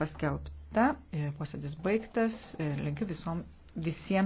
paskelbta, posėdis baigtas, linkiu visom, visiems.